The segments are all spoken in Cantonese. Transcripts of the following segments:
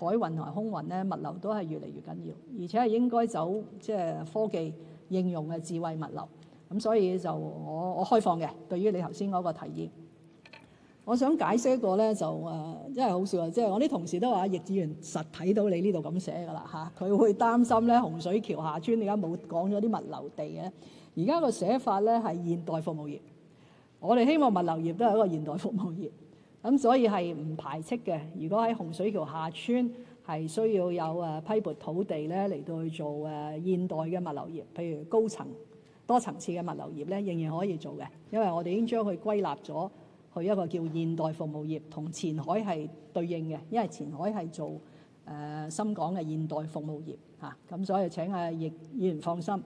海運同埋空運咧，物流都係越嚟越緊要，而且係應該走即係科技應用嘅智慧物流。咁所以就我我開放嘅，對於你頭先嗰個提議， 我想解釋一個咧，就誒、呃，真係好笑啊！即、就、係、是、我啲同事都話，易志明實睇到你呢度咁寫噶啦吓，佢、啊、會擔心咧洪水橋下村你而家冇講咗啲物流地嘅，而家個寫法咧係現代服務業。我哋希望物流業都係一個現代服務業。咁所以係唔排斥嘅。如果喺洪水橋下村係需要有誒批撥土地咧，嚟到去做誒現代嘅物流業，譬如高層多層次嘅物流業咧，仍然可以做嘅。因為我哋已經將佢歸納咗去一個叫現代服務業，同前海係對應嘅，因為前海係做誒、呃、深港嘅現代服務業嚇。咁、啊、所以請阿、啊、易議員放心。誒、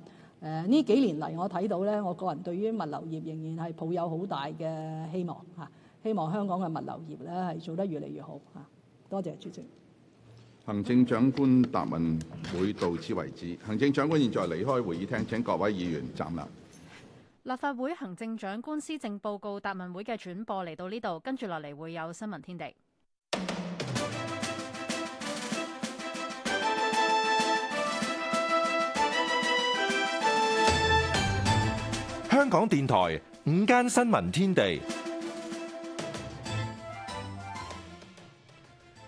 啊、呢幾年嚟，我睇到咧，我個人對於物流業仍然係抱有好大嘅希望嚇。啊希望香港嘅物流業咧係做得越嚟越好嚇，多謝主席。行政長官答問會到此為止，行政長官現在離開會議廳，請各位議員站立。立法會行政長官施政報告答問會嘅轉播嚟到呢度，跟住落嚟會有新聞天地。香港電台午間新聞天地。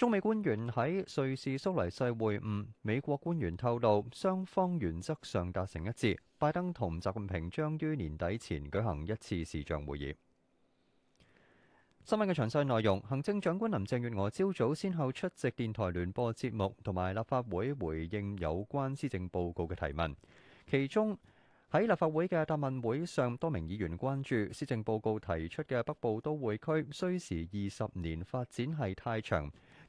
中美官員喺瑞士蘇黎世會晤，美國官員透露雙方原則上達成一致，拜登同習近平將於年底前舉行一次視像會議。新聞嘅詳細內容。行政長官林鄭月娥朝早先後出席電台聯播節目同埋立法會回應有關施政報告嘅提問。其中喺立法會嘅答問會上，多名議員關注施政報告提出嘅北部都會區需時二十年發展係太長。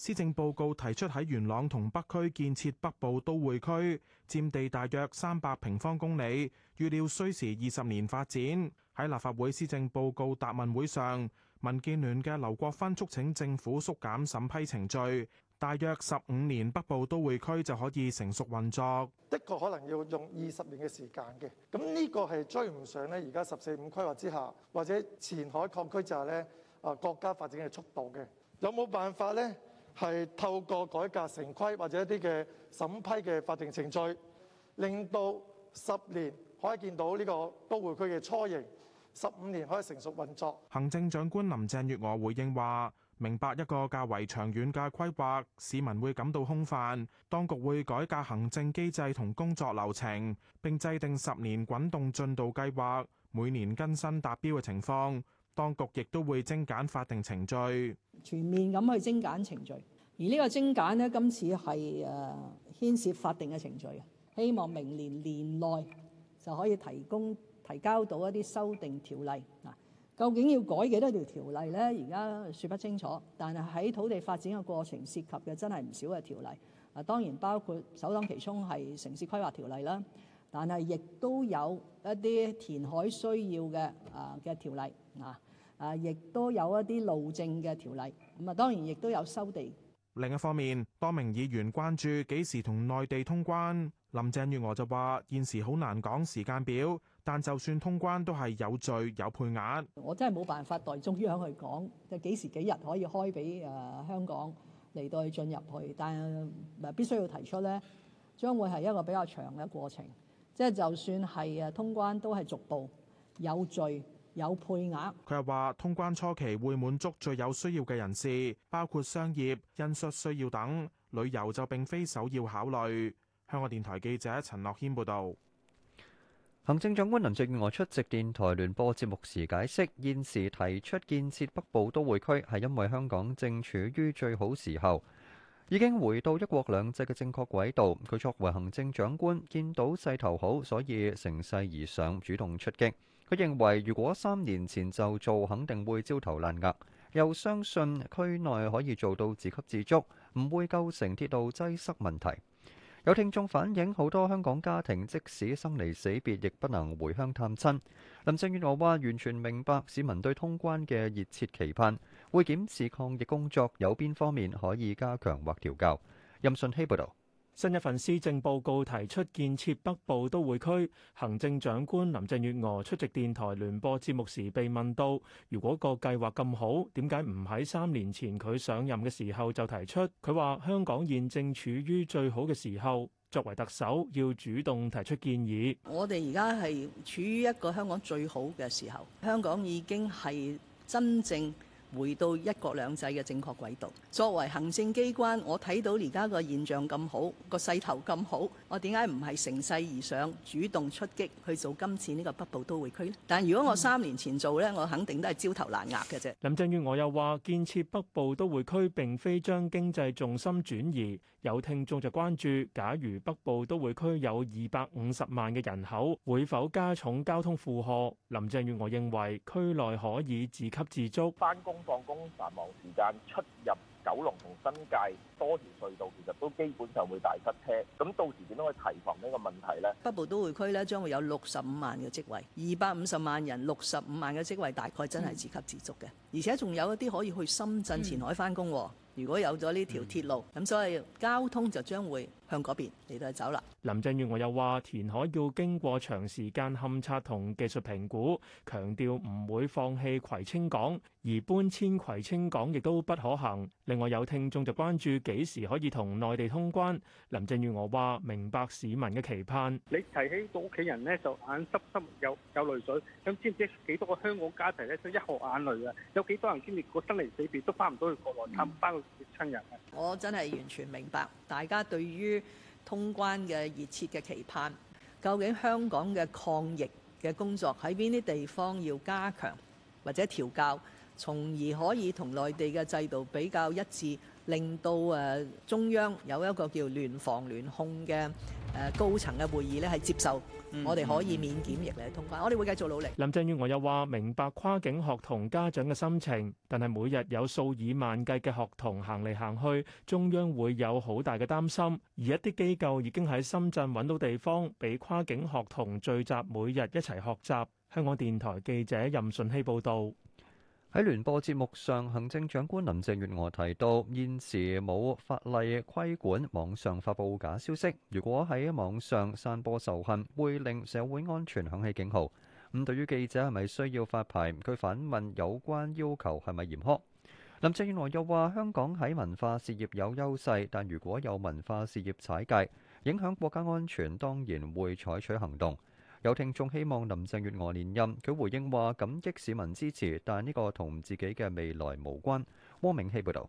施政報告提出喺元朗同北區建設北部都會區，佔地大約三百平方公里，預料需時二十年發展。喺立法會施政報告答問會上，民建聯嘅劉國勳促請政府縮減審批程序，大約十五年北部都會區就可以成熟運作。的確可能要用二十年嘅時間嘅，咁呢個係追唔上呢？而家十四五規劃之下，或者前海擴區就係呢啊國家發展嘅速度嘅，有冇辦法呢？係透過改革城規或者一啲嘅審批嘅法定程序，令到十年可以見到呢個都會區嘅雛形，十五年可以成熟運作。行政長官林鄭月娥回應話：明白一個較為長遠嘅規劃，市民會感到空泛。當局會改革行政機制同工作流程，並制定十年滾動進度計劃，每年更新達標嘅情況。當局亦都會精簡法定程序，全面咁去精簡程序。而呢個精簡呢，今次係誒牽涉法定嘅程序嘅。希望明年年內就可以提供提交到一啲修訂條例。嗱，究竟要改幾多條條例呢？而家説不清楚。但係喺土地發展嘅過程涉及嘅真係唔少嘅條例。啊，當然包括首當其衝係城市規劃條例啦。但係亦都有一啲填海需要嘅啊嘅條例嗱。啊！亦都有一啲路政嘅條例，咁啊當然亦都有收地。另一方面，多名議員關注幾時同內地通關。林鄭月娥就話：現時好難講時間表，但就算通關都係有序有配額。我真係冇辦法代中央去講，就幾時幾日可以開俾誒香港嚟到去進入去，但係必須要提出咧，將會係一個比較長嘅過程。即係就算係誒通關，都係逐步有序。有配額，佢又話通關初期會滿足最有需要嘅人士，包括商業印刷需要等。旅遊就並非首要考慮。香港電台記者陳樂謙報道。行政長官林鄭月娥出席電台聯播節目時解釋，現時提出建設北部都會區，係因為香港正處於最好時候，已經回到一國兩制嘅正確軌道。佢作為行政長官，見到勢頭好，所以乘勢而上，主動出擊。佢認為，如果三年前就做，肯定會焦頭爛額。又相信區內可以做到自給自足，唔會構成鐵路擠塞問題。有聽眾反映，好多香港家庭即使生離死別，亦不能回鄉探親。林鄭月娥話：完全明白市民對通關嘅熱切期盼，會檢視抗疫工作有邊方面可以加強或調校。任信希報道。新一份施政報告提出建設北部都會區，行政長官林鄭月娥出席電台聯播節目時被問到：如果個計劃咁好，點解唔喺三年前佢上任嘅時候就提出？佢話：香港現正處於最好嘅時候，作為特首要主動提出建議。我哋而家係處於一個香港最好嘅時候，香港已經係真正……回到一國兩制嘅正確軌道。作為行政機關，我睇到而家個現象咁好，個勢頭咁好，我點解唔係乘勢而上，主動出擊去做今次呢個北部都會區呢？但如果我三年前做呢，我肯定都係焦頭爛額嘅啫。林鄭月娥又話：建設北部都會區並非將經濟重心轉移。有聽眾就關注，假如北部都會區有二百五十萬嘅人口，會否加重交通負荷？林鄭月娥認為，區內可以自給自足。翻工、放工繁忙時間出入九龍同新界多條隧道，其實都基本上會大塞車。咁到時點樣去提防呢個問題呢？北部都會區呢，將會有六十五萬嘅職位，二百五十萬人，六十五萬嘅職位大概真係自給自足嘅，而且仲有一啲可以去深圳前海翻工喎。如果有咗呢條鐵路，咁所以交通就將會。向嗰邊你都走啦。林鄭月娥又話：填海要經過長時間勘察同技術評估，強調唔會放棄葵青港，而搬遷葵青港亦都不可行。另外有聽眾就關注幾時可以同內地通關。林鄭月娥話：明白市民嘅期盼。你提起個屋企人咧，就眼濕濕有有淚水。咁知唔知幾多個香港家庭咧，一河眼淚啊！有幾多人經歷過生離死別，都翻唔到去國內探翻個親人啊？我真係完全明白大家對於。通關嘅熱切嘅期盼，究竟香港嘅抗疫嘅工作喺邊啲地方要加強或者調教，從而可以同內地嘅制度比較一致。令到誒中央有一個叫聯防聯控嘅誒高層嘅會議咧，係接受我哋可以免檢疫嚟通關，我哋會繼續努力。林鄭月娥又話：明白跨境學童家長嘅心情，但係每日有數以萬計嘅學童行嚟行去，中央會有好大嘅擔心。而一啲機構已經喺深圳揾到地方，俾跨境學童聚集，每日一齊學習。香港電台記者任順希報導。喺聯播節目上，行政長官林鄭月娥提到，現時冇法例規管網上發布假消息。如果喺網上散播仇恨，會令社會安全響起警號。咁對於記者係咪需要發牌，佢反問有關要求係咪嚴苛？林鄭月娥又話：香港喺文化事業有優勢，但如果有文化事業踩界，影響國家安全，當然會採取行動。有聽眾希望林鄭月娥連任，佢回應話感激市民支持，但呢個同自己嘅未來無關。汪明熙報導。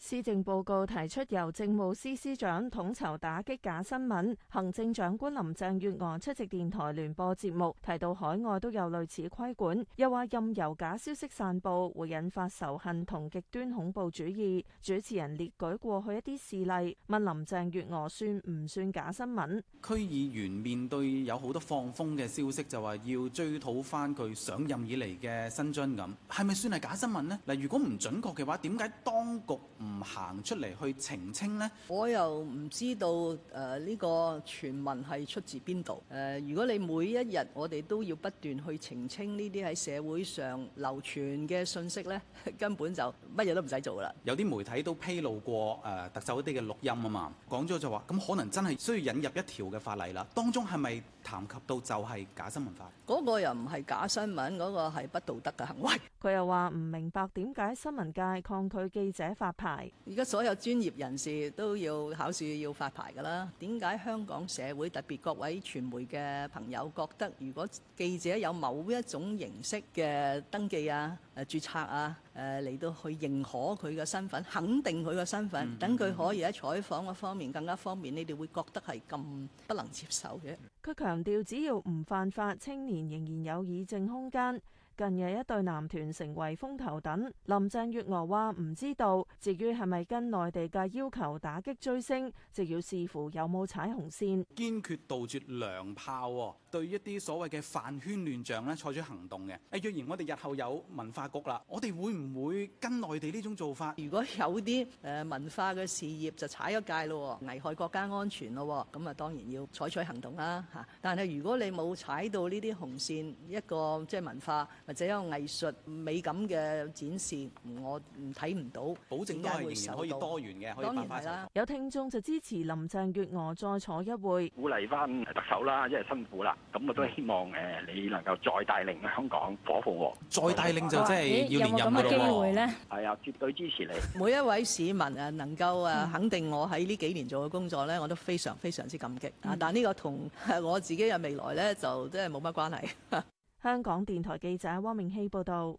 施政報告提出由政務司司長統籌打擊假新聞。行政長官林鄭月娥出席電台聯播節目，提到海外都有類似規管，又話任由假消息散布會引發仇恨同極端恐怖主義。主持人列舉過去一啲事例，問林鄭月娥算唔算假新聞？區議員面對有好多放風嘅消息，就話要追討翻佢上任以嚟嘅薪津咁，係咪算係假新聞呢？嗱，如果唔準確嘅話，點解當局唔行出嚟去澄清呢？我又唔知道誒呢個傳聞係出自邊度誒。如果你每一日我哋都要不斷去澄清呢啲喺社會上流傳嘅信息呢，根本就乜嘢都唔使做啦。有啲媒體都披露過誒特首啲嘅錄音啊嘛，講咗就話咁可能真係需要引入一條嘅法例啦。當中係咪？談及到就係假新聞法，嗰個又唔係假新聞，嗰個係不道德嘅行為。佢又話唔明白點解新聞界抗拒記者發牌。而家所有專業人士都要考試要發牌㗎啦。點解香港社會特別各位傳媒嘅朋友覺得，如果記者有某一種形式嘅登記啊、誒註冊啊、誒嚟到去認可佢嘅身份，肯定佢嘅身份，等佢可以喺採訪嗰方面更加方便，你哋會覺得係咁不能接受嘅？佢強調，只要唔犯法，青年仍然有議政空間。近日一對男團成為風頭躉，林鄭月娥話唔知道，至於係咪跟內地嘅要求打擊追星，就要視乎有冇踩紅線，堅決杜絕娘炮、哦。對一啲所謂嘅飯圈亂象咧，採取行動嘅。誒，若然我哋日後有文化局啦，我哋會唔會跟內地呢種做法？如果有啲誒文化嘅事業就踩一界咯，危害國家安全咯，咁啊當然要採取行動啦嚇。但係如果你冇踩到呢啲紅線，一個即係文化或者一個藝術美感嘅展示，我唔睇唔到，保證都係可以多元嘅，可以辦法啦。有聽眾就支持林鄭月娥再坐一會，鼓勵翻特首啦，因為辛苦啦。咁我都希望誒你能夠再帶領香港火紅喎，再帶領就真係要連任咯喎。有冇咁嘅機會咧？係啊，絕對支持你。每一位市民誒能夠啊肯定我喺呢幾年做嘅工作咧，我都非常非常之感激啊！嗯、但係呢個同我自己嘅未來咧，就真係冇乜關係。 香港電台記者汪明希報道。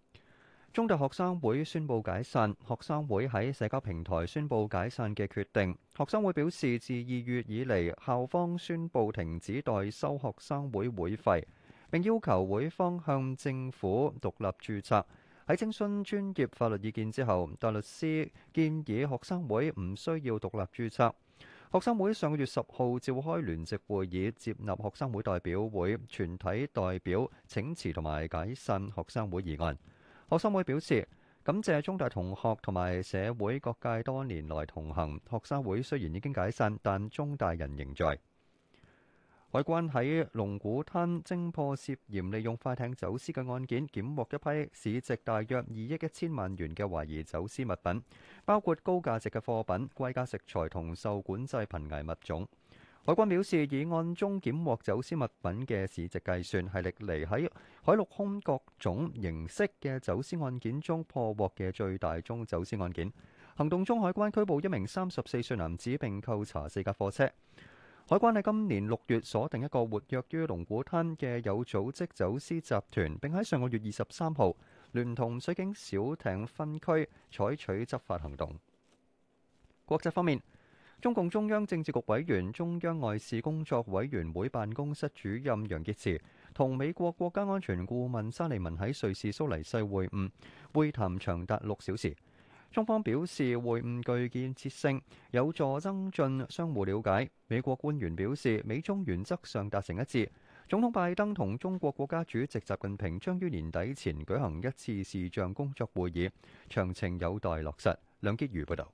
中大學生會宣布解散。學生會喺社交平台宣布解散嘅決定。學生會表示，自二月以嚟，校方宣佈停止代收學生會會費，並要求會方向政府獨立註冊。喺徵詢專業法律意見之後，大律師建議學生會唔需要獨立註冊。學生會上個月十號召開聯席會議，接納學生會代表會全體代表請辭同埋解散學生會議案。學生會表示感謝中大同學同埋社會各界多年來同行。學生會雖然已經解散，但中大人仍在。海關喺龍鼓灘偵破涉嫌利用快艇走私嘅案件，檢獲一批市值大約二億一千萬元嘅懷疑走私物品，包括高價值嘅貨品、貴價食材同受管制瀕危物種。海關表示，以案中檢獲走私物品嘅市值計算，係歷嚟喺海陸空各種形式嘅走私案件中破獲嘅最大宗走私案件。行動中，海關拘捕一名三十四歲男子，並扣查四架貨車。海關喺今年六月鎖定一個活躍於龍鼓灘嘅有組織走私集團，並喺上個月二十三號聯同水警小艇分區採取執法行動。國際方面。中共中央政治局委員、中央外事工作委員會辦公室主任楊潔篪同美國國家安全顧問沙利文喺瑞士蘇黎世會晤，會談長達六小時。中方表示會晤具建設性，有助增進相互瞭解。美國官員表示，美中原則上達成一致，總統拜登同中國國家主席習近平將於年底前舉行一次視像工作會議，詳情有待落實。梁潔如報導。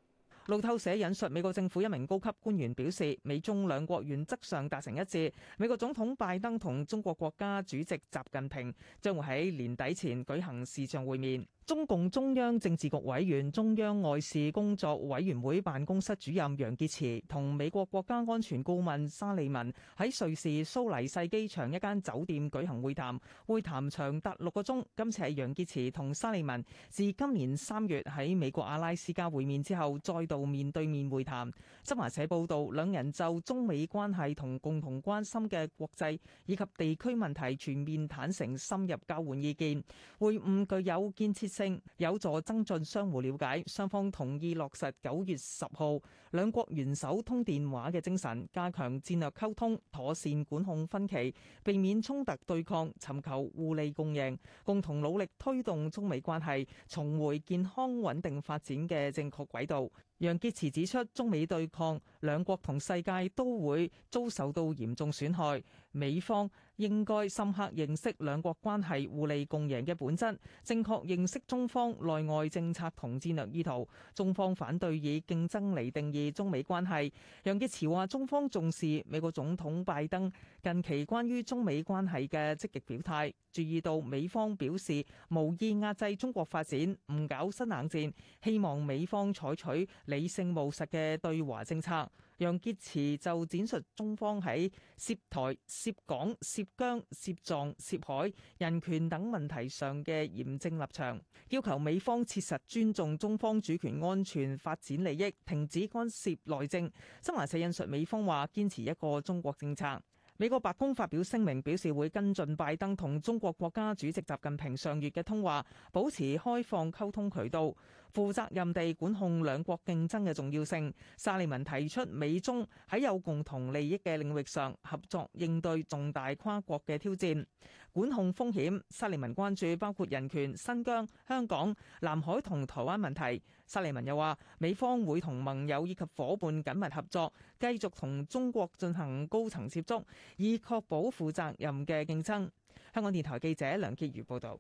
路透社引述美國政府一名高級官員表示，美中兩國原則上達成一致，美國總統拜登同中國國家主席習近平將會喺年底前舉行視像會面。中共中央政治局委員，中央外事工作委員會辦公室主任楊潔篪同美國國家安全顧問沙利文喺瑞士蘇黎世機場一間酒店舉行會談，會談長達六個鐘。今次係楊潔篪同沙利文自今年三月喺美國阿拉斯加會面之後再度面對面會談，《新華社》報道，兩人就中美關係同共同關心嘅國際以及地區問題，全面坦誠深入交換意見。會晤具有建設有助增進相互了解，雙方同意落實九月十號兩國元首通電話嘅精神，加強戰略溝通，妥善管控分歧，避免衝突對抗，尋求互利共贏，共同努力推動中美關係重回健康穩定發展嘅正確軌道。楊潔篪指出，中美對抗，兩國同世界都會遭受到嚴重損害。美方應該深刻認識兩國關係互利共贏嘅本質，正確認識中方內外政策同戰略意圖。中方反對以競爭嚟定義中美關係。楊潔篪話：中方重視美國總統拜登。近期關於中美關係嘅積極表態，注意到美方表示無意壓制中國發展，唔搞新冷戰，希望美方採取理性務實嘅對華政策。楊潔篪就展述中方喺涉台、涉港、涉疆、涉藏、涉海、人權等問題上嘅嚴正立場，要求美方切實尊重中方主權安全發展利益，停止干涉內政。新華社引述美方話，堅持一個中國政策。美國白宮發表聲明，表示會跟進拜登同中國國家主席習近平上月嘅通話，保持開放溝通渠道。負責任地管控兩國競爭嘅重要性，沙利文提出美中喺有共同利益嘅領域上合作應對重大跨國嘅挑戰，管控風險。沙利文關注包括人權、新疆、香港、南海同台灣問題。沙利文又話，美方會同盟友以及伙伴緊密合作，繼續同中國進行高層接觸，以確保負責任嘅競爭。香港電台記者梁潔如報導。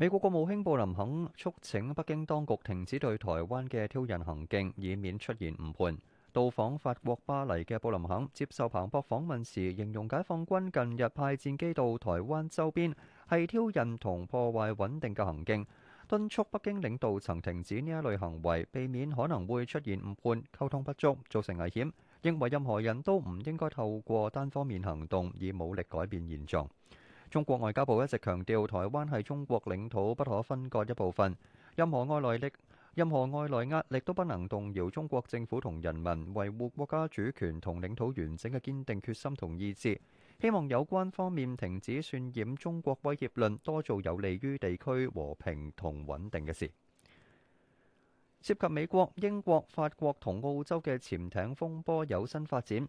美國國務卿布林肯促請北京當局停止對台灣嘅挑釁行徑，以免出現誤判。到訪法國巴黎嘅布林肯接受彭博訪問時，形容解放軍近日派戰機到台灣周邊係挑釁同破壞穩定嘅行徑，敦促北京領導層停止呢一類行為，避免可能會出現誤判、溝通不足造成危險。認為任何人都唔應該透過單方面行動以武力改變現狀。中國外交部一直強調，台灣係中國領土不可分割一部分，任何外來力、任何外來壓力都不能動搖中國政府同人民維護國家主權同領土完整嘅堅定決心同意志。希望有關方面停止渲染中國威脅論，多做有利於地區和平同穩定嘅事。涉及美國、英國、法國同澳洲嘅潛艇風波有新發展。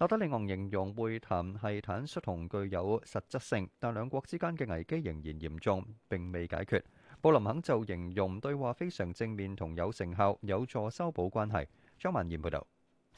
拉德里昂形容會談係坦率同具有實質性，但兩國之間嘅危機仍然嚴重並未解決。布林肯就形容對話非常正面同有成效，有助修補關係。張文賢報導。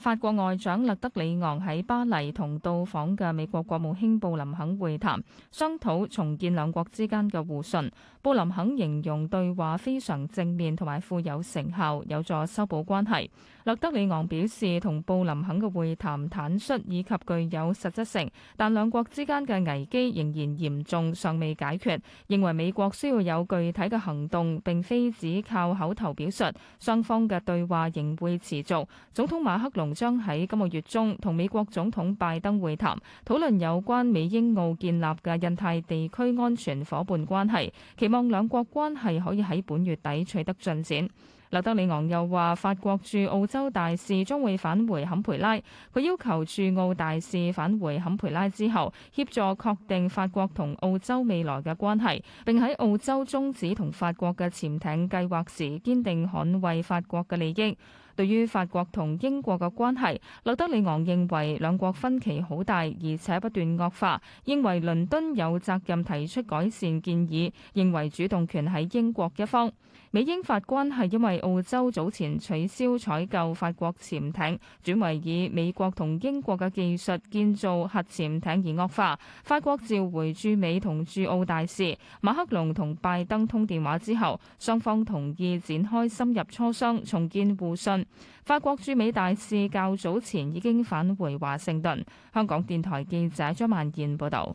法國外長勒德里昂喺巴黎同到訪嘅美國國務卿布林肯會談，商討重建兩國之間嘅互信。布林肯形容對話非常正面同埋富有成效，有助修補關係，勒德里昂表示，同布林肯嘅會談坦率以及具有實質性，但兩國之間嘅危機仍然嚴重，尚未解決，認為美國需要有具體嘅行動，並非只靠口頭表述。雙方嘅對話仍會持續。總統馬克龍。將喺今個月中同美國總統拜登會談，討論有關美英澳建立嘅印太地區安全夥伴關係，期望兩國關係可以喺本月底取得進展。勒德里昂又話，法國駐澳洲大使將會返回坎培拉，佢要求駐澳大使返回坎培拉之後，協助確定法國同澳洲未來嘅關係，並喺澳洲終止同法國嘅潛艇計劃時，堅定捍衛法國嘅利益。對於法國同英國嘅關係，勒德里昂認為兩國分歧好大，而且不斷惡化，認為倫敦有責任提出改善建議，認為主動權喺英國一方。美英法關係因為澳洲早前取消採購法國潛艇，轉為以美國同英國嘅技術建造核潛艇而惡化。法國召回駐美同駐澳大使，馬克龍同拜登通電話之後，雙方同意展開深入磋商，重建互信。法國駐美大使較早前已經返回華盛頓，香港電台記者張萬燕報道。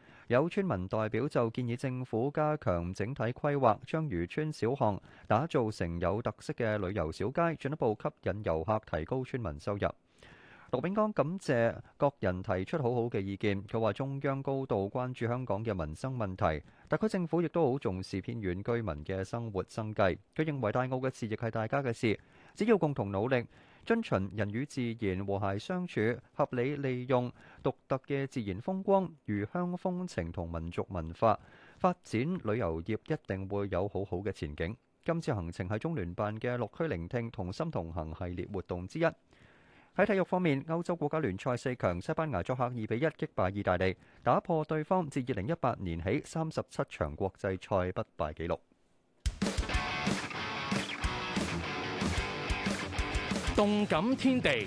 有村民代表就建議政府加強整體規劃，將漁村小巷打造成有特色嘅旅遊小街，進一步吸引遊客，提高村民收入。羅炳剛感謝各人提出好好嘅意見，佢話中央高度關注香港嘅民生問題，特區政府亦都好重視偏遠居民嘅生活生計。佢認為大澳嘅事亦係大家嘅事，只要共同努力。遵循人與自然和諧相處、合理利用獨特嘅自然風光、漁鄉風情同民族文化，發展旅遊業一定會有好好嘅前景。今次行程係中聯辦嘅六區聆聽、同心同行系列活動之一。喺體育方面，歐洲國家聯賽四強西班牙作客二比一擊敗意大利，打破對方自二零一八年起三十七場國際賽不敗紀錄。動感天地，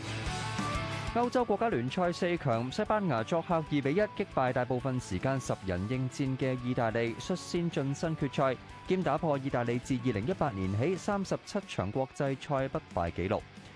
歐洲國家聯賽四強，西班牙作客二比一擊敗大部分時間十人應戰嘅意大利，率先晉身決賽，兼打破意大利自二零一八年起三十七場國際賽不敗紀錄。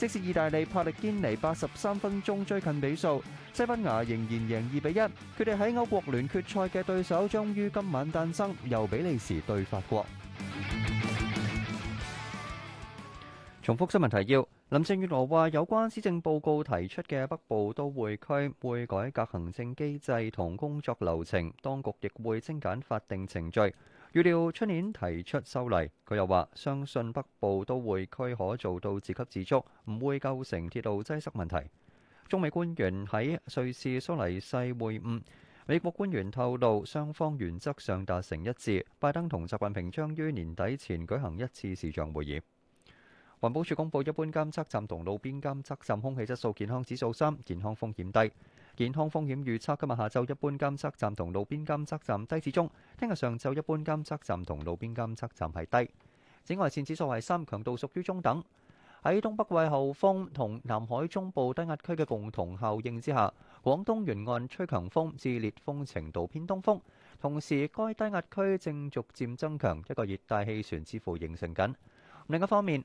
即使意大利帕力堅尼八十三分鐘追近比數，西班牙仍然贏二比一。佢哋喺歐國聯決賽嘅對手將於今晚誕生，由比利時對法國。重複新聞提要：林鄭月娥話有關施政報告提出嘅北部都會區會改革行政機制同工作流程，當局亦會精簡法定程序。預料出年提出修例，佢又話相信北部都會區可做到自給自足，唔會構成鐵路擠塞問題。中美官員喺瑞士蘇黎世會晤，美國官員透露雙方原則上達成一致，拜登同習近平將於年底前舉行一次視像會議。環保署公佈，一般監測站同路邊監測站空氣質素健康指數三，健康風險低。健康風險預測今日下晝一般監測站同路邊監測站低至中，聽日上晝一般監測站同路邊監測站係低。紫外線指數係三，強度屬於中等。喺東北季候風同南海中部低壓區嘅共同效應之下，廣東沿岸吹強風至烈風程度，偏東風。同時，該低壓區正逐漸增強，一個熱帶氣旋似乎形成緊。另一方面，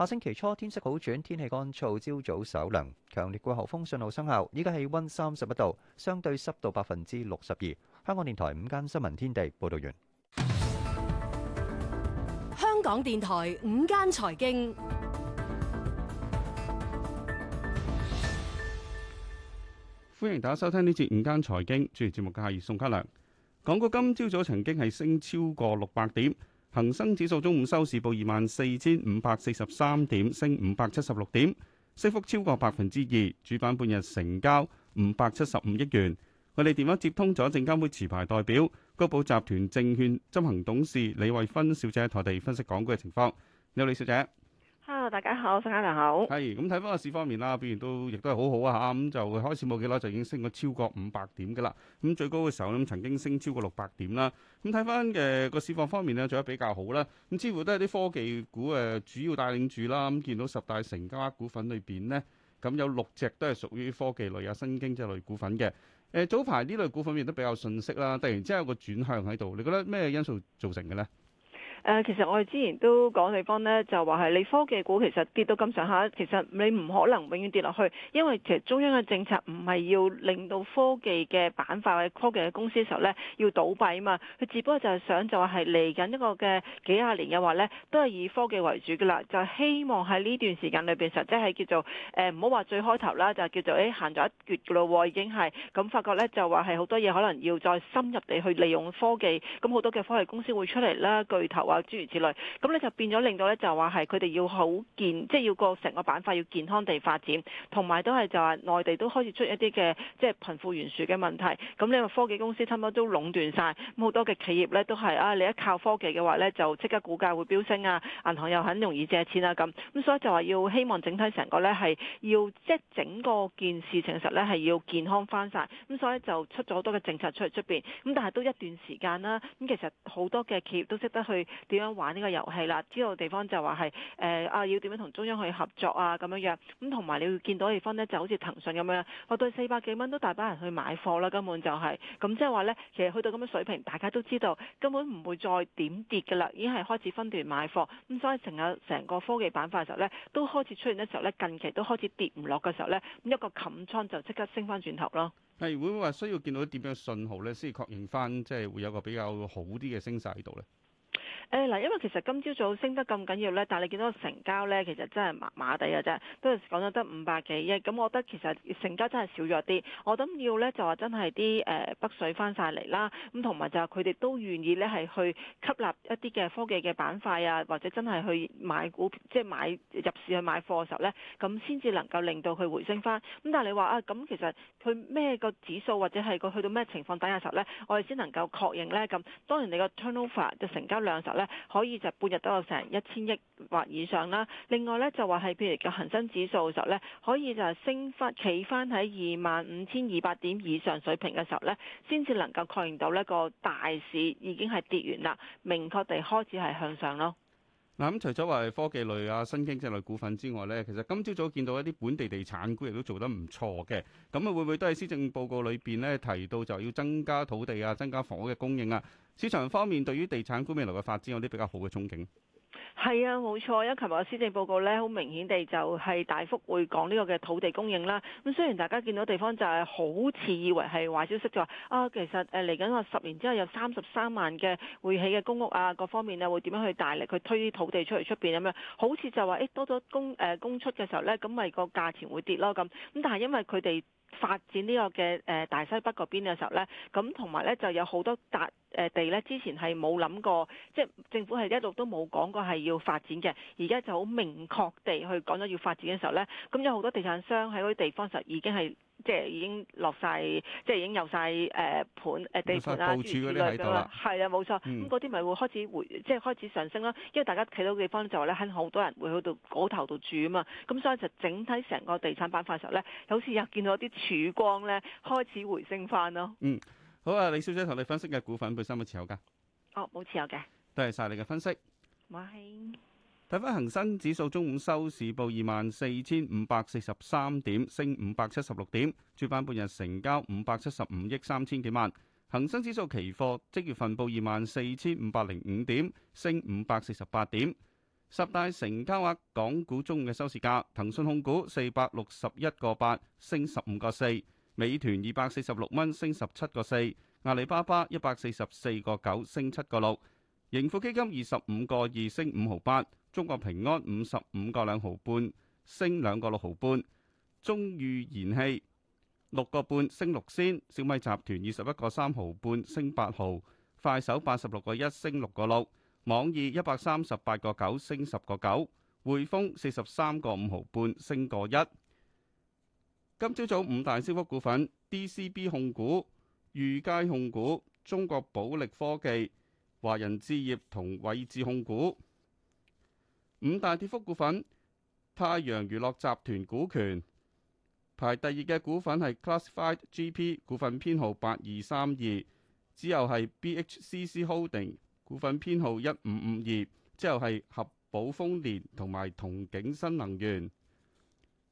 下星期初天色好轉，天氣乾燥，朝早稍涼。強烈季候風信號生效，依家氣溫三十一度，相對濕度百分之六十二。香港電台午間新聞天地報道完。香港電台午間財經，歡迎大家收聽呢節午間財經。主持節目嘅係宋嘉良。港股今朝早曾經係升超過六百點。恒生指數中午收市報二萬四千五百四十三點，升五百七十六點，升幅超過百分之二。主板半日成交五百七十五億元。我哋電話接通咗證監會持牌代表、高寶集團證券執行董事李慧芬小姐，同我哋分析港股嘅情況。你好，李小姐。好，Hello, 大家好，我係阿劉。係，咁睇翻個市方面啦，表現都亦都係好好啊，咁就開始冇幾耐就已經升過超過五百點噶啦。咁最高嘅時候咁曾經升超過六百點啦。咁睇翻嘅個市況方面咧，做得比較好啦。咁似乎都係啲科技股誒主要帶領住啦。咁、啊、見到十大成交股份裏邊咧，咁有六隻都係屬於科技類啊、新經濟類股份嘅。誒、啊，早排呢類股份亦都比較順息啦，突然之間有個轉向喺度，你覺得咩因素造成嘅咧？誒、呃，其實我哋之前都講地方咧，就話係你科技股其實跌到咁上下，其實你唔可能永遠跌落去，因為其實中央嘅政策唔係要令到科技嘅板塊、或者科技嘅公司嘅時候咧，要倒閉啊嘛。佢只不過就係想就係嚟緊一個嘅幾廿年嘅話咧，都係以科技為主嘅啦。就希望喺呢段時間裏面，實際係叫做誒，唔好話最開頭啦，就叫做誒行咗一月嘅咯，已經係咁發覺咧，就話係好多嘢可能要再深入地去利用科技，咁好多嘅科技公司會出嚟啦，巨頭。話諸如此類，咁咧就變咗令到咧就話係佢哋要好健，即係要個成個板塊要健康地發展，同埋都係就話內地都開始出一啲嘅即係貧富懸殊嘅問題。咁呢個科技公司差唔多都壟斷晒，咁好多嘅企業咧都係啊，你一靠科技嘅話咧就即刻股價會飆升啊，銀行又很容易借錢啊咁。咁所以就話要希望整體成個咧係要即係、就是、整個件事情嘅實咧係要健康翻晒。咁所以就出咗好多嘅政策出嚟，出面，咁但係都一段時間啦。咁其實好多嘅企業都識得去。點樣玩呢個遊戲啦？知道的地方就話係誒啊，要點樣同中央去合作啊咁樣樣咁，同埋你要見到地方呢，就好似騰訊咁樣，我到四百幾蚊都大把人去買貨啦，根本就係、是、咁，即係話呢，其實去到咁樣水平，大家都知道根本唔會再點跌噶啦，已經係開始分段買貨咁，所以成日成個科技板塊嘅時候呢，都開始出現嘅時候呢，近期都開始跌唔落嘅時候呢，咁一個冚倉就即刻升翻轉頭咯。係會唔會話需要見到點樣的信號呢？先確認翻即係會有一個比較好啲嘅升勢喺度呢？誒嗱、哎，因為其實今朝早升得咁緊要咧，但係你見到成交咧，其實真係麻麻地嘅啫，都講講咗得五百幾億。咁我覺得其實成交真係少咗啲。我諗要咧就話真係啲誒北水翻晒嚟啦，咁同埋就係佢哋都願意咧係去吸納一啲嘅科技嘅板塊啊，或者真係去買股票，即、就、係、是、買入市去買貨嘅時候咧，咁先至能夠令到佢回升翻。咁但係你話啊，咁其實佢咩個指數或者係個去到咩情況底下時候咧，我哋先能夠確認咧咁。當然你個 turnover 嘅成交。量十咧可以就半日都有成一千億或以上啦。另外咧就話係譬如嘅恒生指數嘅時候咧，可以就係升翻企翻喺二萬五千二百點以上水平嘅時候咧，先至能夠確認到呢個大市已經係跌完啦，明確地開始係向上咯。嗱咁除咗話科技類啊、新經濟類股份之外咧，其實今朝早見到一啲本地地產股亦都做得唔錯嘅。咁啊，會唔會都係施政報告裏邊咧提到就要增加土地啊、增加房屋嘅供應啊？市場方面對於地產股未來嘅發展有啲比較好嘅憧憬。係啊，冇錯，因為琴日嘅施政報告咧，好明顯地就係大幅會講呢個嘅土地供應啦。咁雖然大家見到地方就係好似以為係壞消息，就話啊，其實誒嚟緊個十年之後有三十三萬嘅會起嘅公屋啊，各方面啊會點樣去大力去推土地出嚟出邊咁樣，好似就話誒、欸、多咗供誒供出嘅時候咧，咁咪個價錢會跌咯咁。咁但係因為佢哋發展呢個嘅誒大西北嗰邊嘅時候咧，咁同埋咧就有好多大。誒，地咧之前係冇諗過，即係政府係一路都冇講過係要發展嘅，而家就好明確地去講咗要發展嘅時候咧，咁有好多地產商喺嗰啲地方嘅時候已經係即係已經落晒，即係已經有晒誒盤誒地盤啦，咁樣啦，係啊，冇錯，咁嗰啲咪會開始回，即係開始上升啦，因為大家睇到嘅地方就話咧，係好多人會去到嗰頭度住啊嘛，咁所以就整體成個地產板塊嘅時候咧，好似又見到啲曙光咧開始回升翻咯，嗯。好啊，李小姐，同你分析嘅股份有冇持有噶？哦，冇持有嘅。多謝晒你嘅分析。我係，睇翻恒生指數中午收市報二萬四千五百四十三點，升五百七十六點。主板半日成交五百七十五億三千幾萬。恒生指數期貨即月份報二萬四千五百零五點，升五百四十八點。十大成交額港股中午嘅收市價，騰訊控股四百六十一個八，升十五個四。美團二百四十六蚊升十七個四，阿里巴巴一百四十四個九升七個六，盈富基金二十五個二升五毫八，中國平安五十五個兩毫半升兩個六毫半，中裕燃氣六個半升六仙，小米集團二十一個三毫半升八毫，快手八十六個一升六個六，網易一百三十八個九升十個九，匯豐四十三個五毫半升個一。今朝早，早五大升幅股份：D.C.B 控股、御佳控股、中國寶力科技、華人置業同偉志控股。五大跌幅股份：太陽娛樂集團股權。排第二嘅股份係 Classified G.P 股份編號八二三二，之後係 B.H.C.C Holding 股份編號一五五二，之後係合寶豐年同埋同景新能源。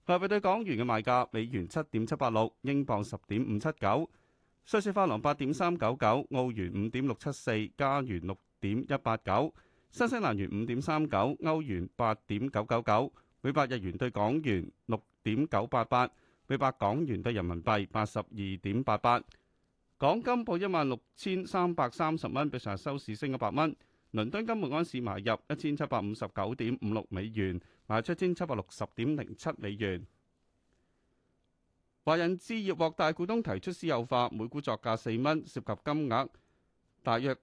外匯對港元嘅賣價，美元七點七八六，英鎊十點五七九，瑞士法郎八點三九九，澳元五點六七四，加元六點一八九，新西蘭元五點三九，歐元八點九九九，每百日元對港元六點九八八，每百港元對人民幣八十二點八八。港金報一萬六千三百三十蚊，比上日收市升一百蚊。倫敦金每安士買入一千七百五十九點五六美元。賣出千七百六十點零七美元。華人置業獲大股東提出私有化，每股作價四蚊，涉及金額大約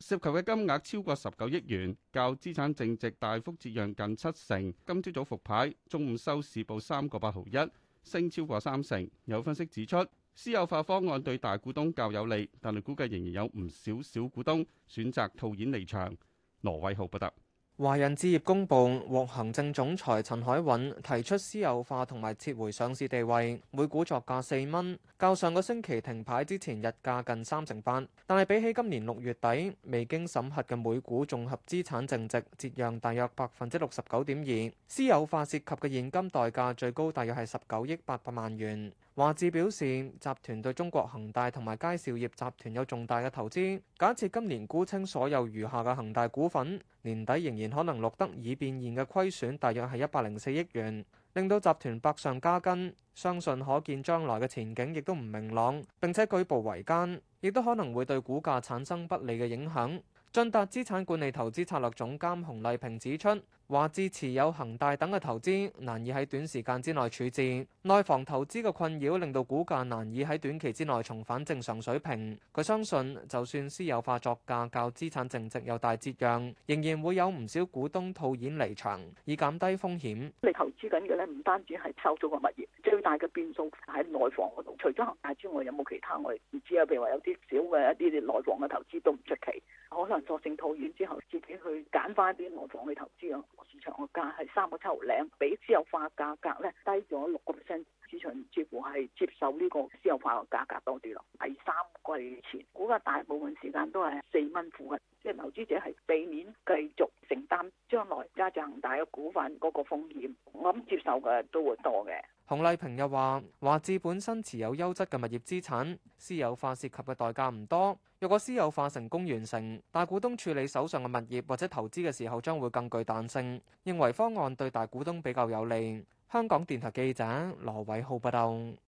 涉及嘅金額超過十九億元，較資產淨值大幅折讓近七成。今朝早復牌，中午收市報三個八毫一，升超過三成。有分析指出，私有化方案對大股東較有利，但係估計仍然有唔少小股東選擇套現離場。羅偉浩報道。華人置業公布獲行政總裁陳海韻提出私有化同埋撤回上市地位，每股作價四蚊，較上個星期停牌之前日價近三成八。但係比起今年六月底未經審核嘅每股綜合資產淨值，折讓大約百分之六十九點二。私有化涉及嘅現金代價最高大約係十九億八百萬元。華智表示，集團對中國恒大同埋佳兆業集團有重大嘅投資。假設今年沽清所有餘下嘅恒大股份，年底仍然可能錄得已變現嘅虧損，大約係一百零四億元，令到集團百上加斤。相信可見將來嘅前景亦都唔明朗，並且舉步維艱，亦都可能會對股價產生不利嘅影響。信達資產管理投資策略總監洪麗萍指出。話至持有恒大等嘅投資難以喺短時間之內處置內房投資嘅困擾，令到股價難以喺短期之內重返正常水平。佢相信，就算私有化作價較資產淨值有大折讓，仍然會有唔少股東套現離場，以減低風險。你投資緊嘅咧，唔單止係收咗個物業，最大嘅變數喺內房嗰度。除咗恒大之外，有冇其他？我哋唔知啊，譬如話有啲少嘅一啲內房嘅投資都唔出奇，可能作成套現之後，自己去揀翻一啲內房去投資咯。市場嘅價係三個七毫零，比私有化價格咧低咗六個 percent。市場似乎係接受呢個私有化嘅價格多啲咯。第三季前，估計大部分時間都係四蚊附近，即係投資者係避免繼續承擔將來揸住恒大嘅股份嗰個風險，我諗接受嘅都會多嘅。洪麗萍又話：華智本身持有優質嘅物業資產，私有化涉及嘅代價唔多。若果私有化成功完成，大股東處理手上嘅物業或者投資嘅時候將會更具彈性。認為方案對大股東比較有利。香港電台記者羅偉浩報道。